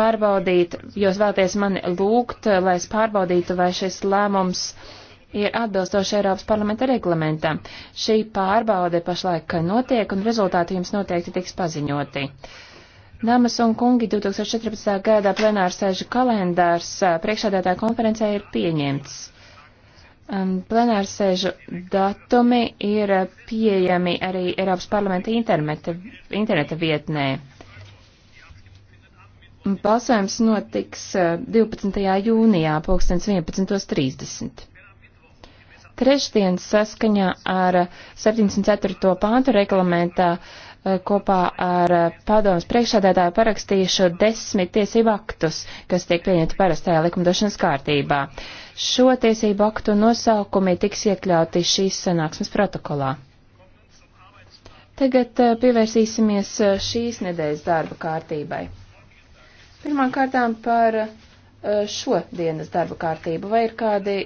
pārbaudīt, jūs vēlaties mani lūgt, lai es pārbaudītu, vai šis lēmums ir atbilstoši Eiropas parlamenta reglamentam. Šī pārbaude pašlaik notiek un rezultāti jums noteikti tiks paziņoti. Dāmas un kungi, 2014. gadā plenārsēžu kalendārs priekšādētā konferencē ir pieņemts. Plenārsēžu datumi ir pieejami arī Eiropas parlamenta interneta, interneta vietnē. Balsojums notiks 12. Eh, jūnijā, 11.30. Trešdien saskaņā ar 74. pāntu reglamentā eh, kopā ar eh, padomus priekšādētāju parakstījušo desmit tiesību aktus, kas tiek pieņemti parastajā likumdošanas kārtībā. Šo tiesību aktu nosaukumi tiks iekļauti šīs sanāksmes protokolā. Tagad pievērsīsimies šīs nedēļas darba kārtībai. Pirmām kārtām par eh, šo dienas darba kārtību. Vai ir kādi